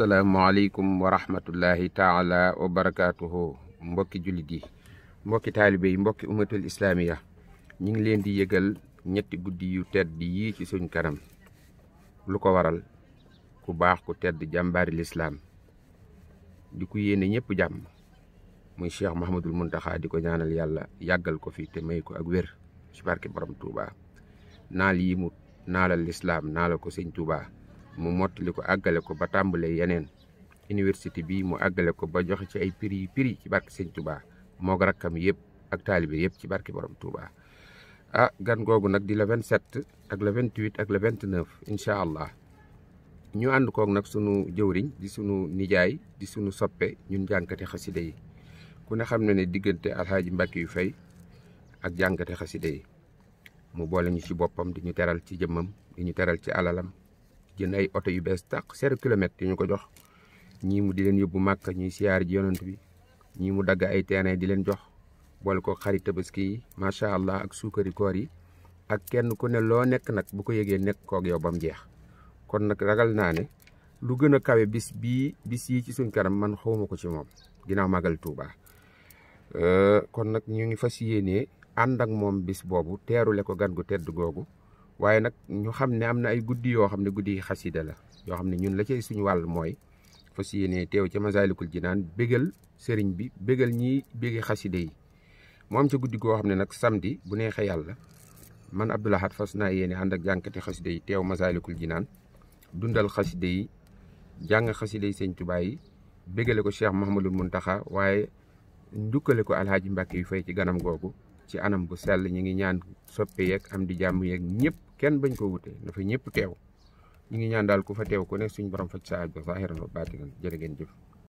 asalaamualeykum wa rahmatullahi taala wa barakaatuhu mbokki jullit yi mbokki taalibe yi mbokki umatul islaamiya ñu ngi leen di yëgal ñetti guddi yu tedd yii ci suñ kanam lu ko waral ku baax ku tedd jàmbaari lislaam di ku yéene ñëpp jàmm muy cheikh mahamadul muntaxa di ko ñaanal yàlla yàggal ko fi te may ko ak wér ci barke borom tuuba naal yi mu naalal lislaam naalal ko sëñ tuuba mu mottali ko àggale ko ba tàmbale yeneen université bi mu àggale ko ba joxe ci ay prix yi piri ci barke sëñ Touba moo ko rakkam yëpp ak taalibe yëpp ci barke borom Touba. ah gan googu nag di la 27 ak la 28 ak la 29 incha allah ñu ànd kook nag sunu jëwriñ di sunu nijaay di sunu soppe ñun jànkate xaside yi ku ne xam na ne diggante alxaaji Mbàkke yu fay ak jànkate xaside yi mu boole ñu ci boppam di ñu teral ci jëmmam di ñu teral ci alalam. jënd ay oto yu bees tàq zéro kilomètre di ñu ko jox ñii mu di leen yóbbu màkk ñuy siyaar ji yonant bi ñii mu dagg ay terrain di leen jox boole ko xarit tabaski yi macha allah ak suukari koor yi ak kenn ku ne loo nekk nag bu ko yëgee nekk kook yow ba mu jeex kon nag ragal naa ne lu gën a kawe bis bii bis yi ci suñ kanam man xawma ko ci moom ginnaaw magal Touba euh, kon nag ñu ngi fas yéenee ànd ak moom bis boobu teerule ko gan gu tedd googu waaye nag ñu xam ne am na ay guddi yoo xam ne guddi yi xasida la yoo xam ne ñun la cay suñu wàll mooy fas yéene teew ca Masaalikul Jinaan bégal sëriñ bi bégal ñiy bége xasida yi mu am ca guddi goo xam ne nag samdi bu neexee yàlla man Abdou Lahad fas naa yéene ànd ak jànkati xasida yi teew Masaalikul Jinaan dundal xasida yi jàng xasida yi sëñ Tuubaa yi bégale ko Cheikh mun taxa waaye njukkale ko alhaaji Mbàkke yu fay ci ganam googu ci anam bu sell ñu ngi ñaan soppe yeeg am di jàmm yeeg ñëpp kenn bañ ko wute na fa ñëpp teew ñu ngi ñaan daal ku fa teew ku ne suñu borom faj sa aaj ba zahiran wa baatinan jërë ngeen jëf